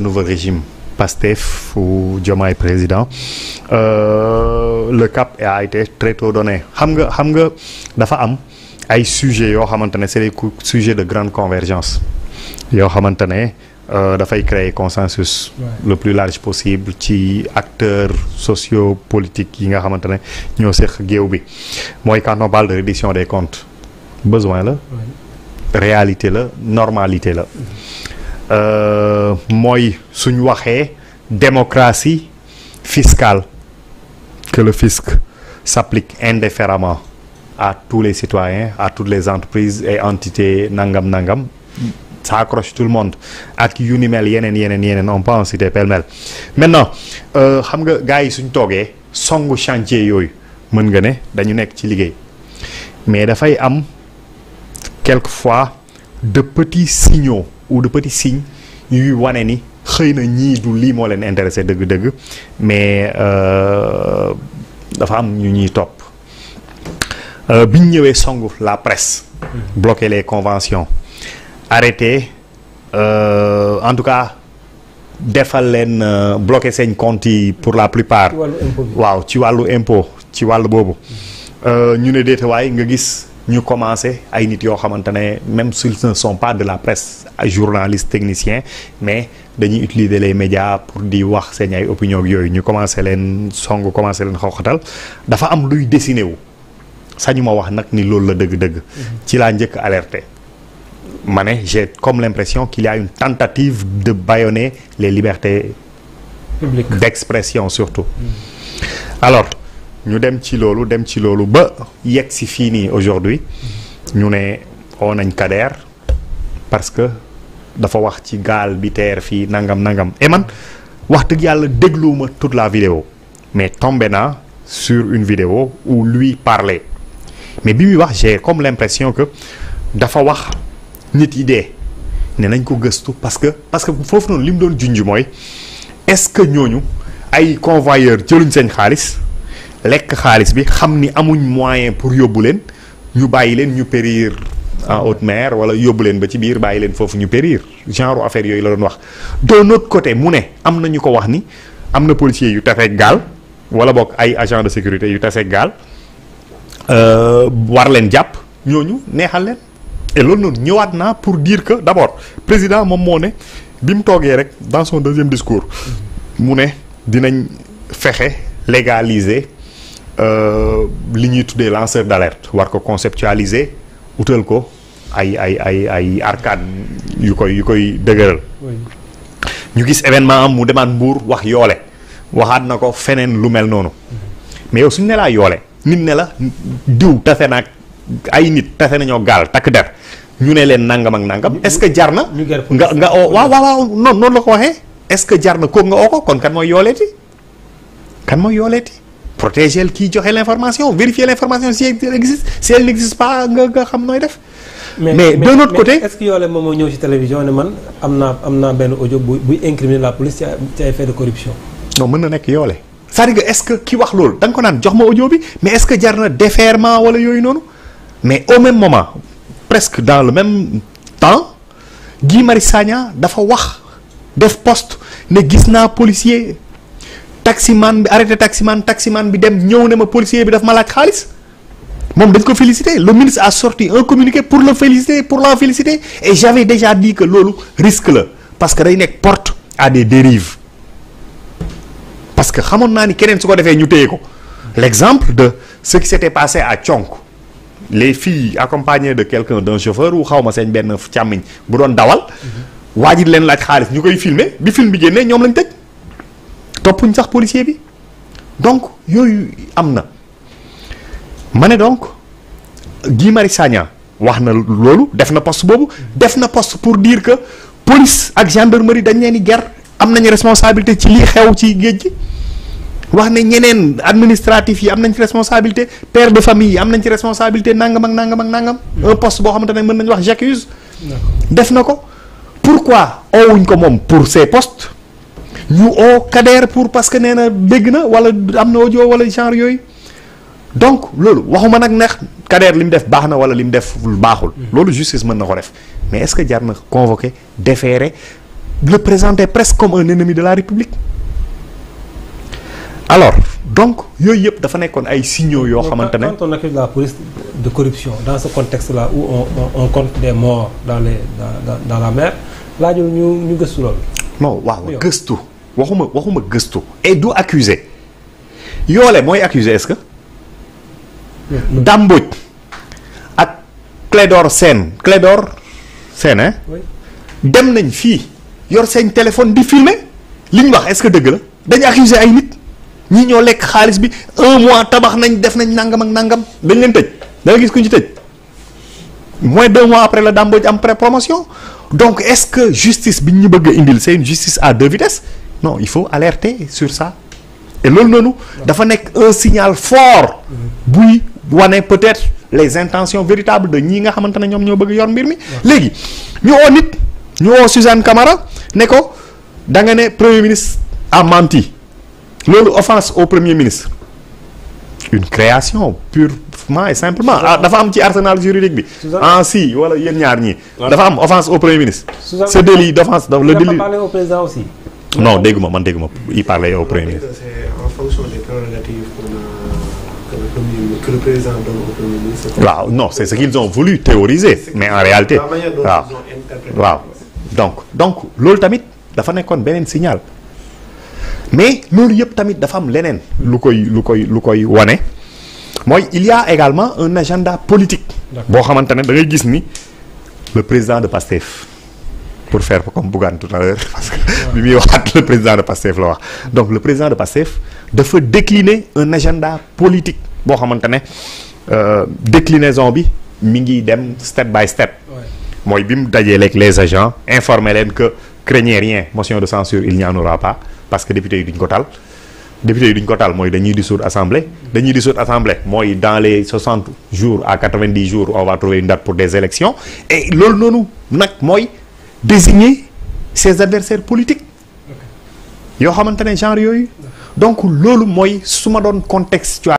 nouveau régime PASTEF ou Diomaye président euh, le cap a été très tôt donné xam nga xam dafa am ay sujets c'est des sujets de grande convergence yoo xamante ne euh, dafay créer consensus le plus large possible qui acteurs socio politiques yi nga xamante ne ñoo seq géew bi quand on parle de reddition des comptes besoin là, réalité là, normalité là. Euh, moy suñ waxé démocratie fiscale que le fisc s'applique indifféremment à tous les citoyens à toutes les entreprises et entités nangam nangam ça accroche tout le monde ak qui ni mel yenen yenen on pense en citer pêle-mêle maintenant euh, xam nga gaay suñ togué songu chantier yoy mën nga ne dañu nek ci liguey. mais fay am quelquefois de petits signaux ou de petits signes yuy wane ni xëy na ñii du lii moo leen intéressé dëgg-dëgg mais euh, dafa am ñu ñuy topp euh, biñ ñëwee songu la presse. bloquer les conventions arrêter euh, en tout cas defal leen euh, bloquer seen compte yi pour la plupart. waaw ci wàllu impôt ci wàllu boobu. ñu ne déetawaay nga gis nous commencé à initier yoo xamante même s'ils ne sont pas de la presse journalistes techniciens mais nous utiliser les médias pour dire wax seen ay opinion yooyu ñu commencé commencer song commencé leen xawxatal dafa am luy dessiné nous ma wax ni loolu le dëgg-dëgg mhm. ci l'a alerté mané j'ai comme l'impression qu'il y a une tentative de baïonner les libertés d'expression surtout mhm. alors ñu dem ci lolu dem ci lolu ba yegg si aujourd'hui ñu ne on nañ Kader parce que dafa wax ci gal bi terre fi nangam nangam et man wax dëgg yalla dégluwuma toute la vidéo mais tombé na sur une vidéo où lui parlait mais bi mi wax j'ai comme l'impression que dafa wax nit yi dee ne nañ ko gëstu parce que parce que fofu non lim doon junj moy est-ce que ñoñu ay ci luñ seen xaalis lek xaalis bi xamni ni amuñ moyen pour yóbbu leen ñu bàyyi ñu périr en haute mer wala yóbbu leen ba ci biir bàyyi fofu ñu périr genre affaire yoy la doon wax. d'un autre côté mu ne amna na ñu ko wax ni amna policier yu taseeg gal wala bok ay agent de sécurité yu gal euh war len japp ñooñu neexal len et loolu noonu ñëwaat na pour dire que d'abord président mom mo ne bi togué rek dans son deuxième discours mu ne dinañ fexé légaliser. Euh, li ñuy tuddee lanceur d'alerte war ko conceptualiser utal ko ay ay ay ay arcade yu koy yu koy dëgëral. ñu gis événement am mu demaat Mbour wax yoole waxaat na ko feneen lu mel noonu. mais yow suñu ne laa yoole nit ne la diw tase naag ay nit tase nañoo gaal takk der ñu ne leen nangam ak nangam. est-ce que jar na. nga nga oo waaw waaw noonu la ko waxee. est-ce que jar na kook nga oo ko kon kan mooy yooleeti kan mooy yooleeti. protéger kii joxe vérifier l'information si elle existe si elle n'existe pas nga nga xam mais de notre côté. est ce y y a moo ñëw ci télévision ne man amna, amna ben audio incriminer la police ci ont fait de corruption. non je ne sais pas. cest est ce que ki wax loolu da nga ko naan jox ma audio mais est ce que jar na déferment wala yooyu non mais au même moment presque dans le même temps Guy Marius Sagna dafa wax def poste y policiers policier taximan bi arrêté taximan taximan bi dem ñew ne ma policier bi daf ma laaj xaalis dañ ko féliciter le ministre a sorti un communiqué pour le féliciter pour la féliciter et j'avais déjà dit que lolu risque le parce que day nek porte à des dérives parce que xamoon naa ni keneen su ko ñu téyé ko l'exemple de ce qui s'était passé à Tchonk les filles accompagnées de quelqu'un d'un chauffeur ou xawma señ une chamign bu doon dawal mhm. wajid len laaj xaalis filmer bi film bi génné ñom lañ toppuñ sax policier bi donc yooyu am na ma ne donc Guy Marius Sagna wax na loolu def na poste boobu def na poste pour diir que police ak gendarmerie dañ leen di ger am nañu responsabilité ci lii xew ci géej gi wax ne ñeneen administratif yi am nañ ci responsabilité père de famille yi am nañ ci responsabilité nangam ak nangam ak nangam un boo xamante ne mën nañu wax j'accuse def na ko pourquoi owuñ ko moom pour ces post ñu oo Kader pour parce que nee na na wala am na audio wala genre yooyu donc loolu waxuma nag neex Kader li mu def baax na wala li mu def baaxul. loolu justice mën na ko def mais est-ce que jar na convoquer déférer le présenter presque comme un ennemi de la République. alors donc yooyu yëpp dafa nekkoon ay signaux yoo xamante ne quand on accuse la police de corruption dans ce contexte là où on, on, on compte des morts dans les dans, dans, dans la mer laaju ñu ñu gëstu loolu non waaw gëstu waxuma waxuma gëstu et du accusé le moy accusé est-ce que dàmboj ak Clédor Sen, Clédor Sen, hein dem nañ fi yor seen téléphone di filmer liñ wax est-ce que deug la dañ accusé ay nit ñi ñoo lek xaalis bi un mois tabax nañ def nañ nangam ak nangam dañ leen tëj da nga gis ku moins deux mois après la dàmboj am pré promotion donc est-ce que justice bi ñu bëgg indil c'est une justice à deux vitesses non il faut alerter sur ça et loolu nous, dafa nekk un signal fort on est peut-être les intentions véritables de Nyinga nga xamante Nyom ñoom ñoo bëgg yor mbir mi léegi ñu Suzanne Camara n'est qu'au da premier ministre a menti l'offense au premier ministre une création purement et simplement la femme qui arsenal juridique bi en ah, si wala yéen ñaar ñii dafa am offense au premier ministre C'est délit d'offense le délit au président aussi non ma man ma il parlait au premier. C'est en fonction des prérogatives que le président donne au ministre. waaw non c'est ce qu'ils ont voulu théoriser mais en réalité. waaw waaw donc donc loolu tamit dafa nekkoon beneen signal. mais loolu yëpp tamit dafa am leneen lu koy lu koy lu koy wane mooy il y a également un agenda politique. boo xamante ne da ngay gis ni le président de PASTEF pour faire comme Bougane tout à l'heure parce que le président de PASSEF la donc le président de de faire décliner un agenda politique bon xamante on euh, déclinaison bi zombie, ngi dem step by step moi bi suis dit avec les agents informer leen que craignez rien motion de censure il n'y en aura pas parce que député yi cotale ko tal député yi moi ko taal mooy dañuy dissoudre assemblée dañuy dissoudre assemblée moi dans les 60 jours à 90 jours on va trouver une date pour des élections et loolu nous nous, moi désigner ses adversaires politiques genre yoyu. donc lolu Moy suma ma donne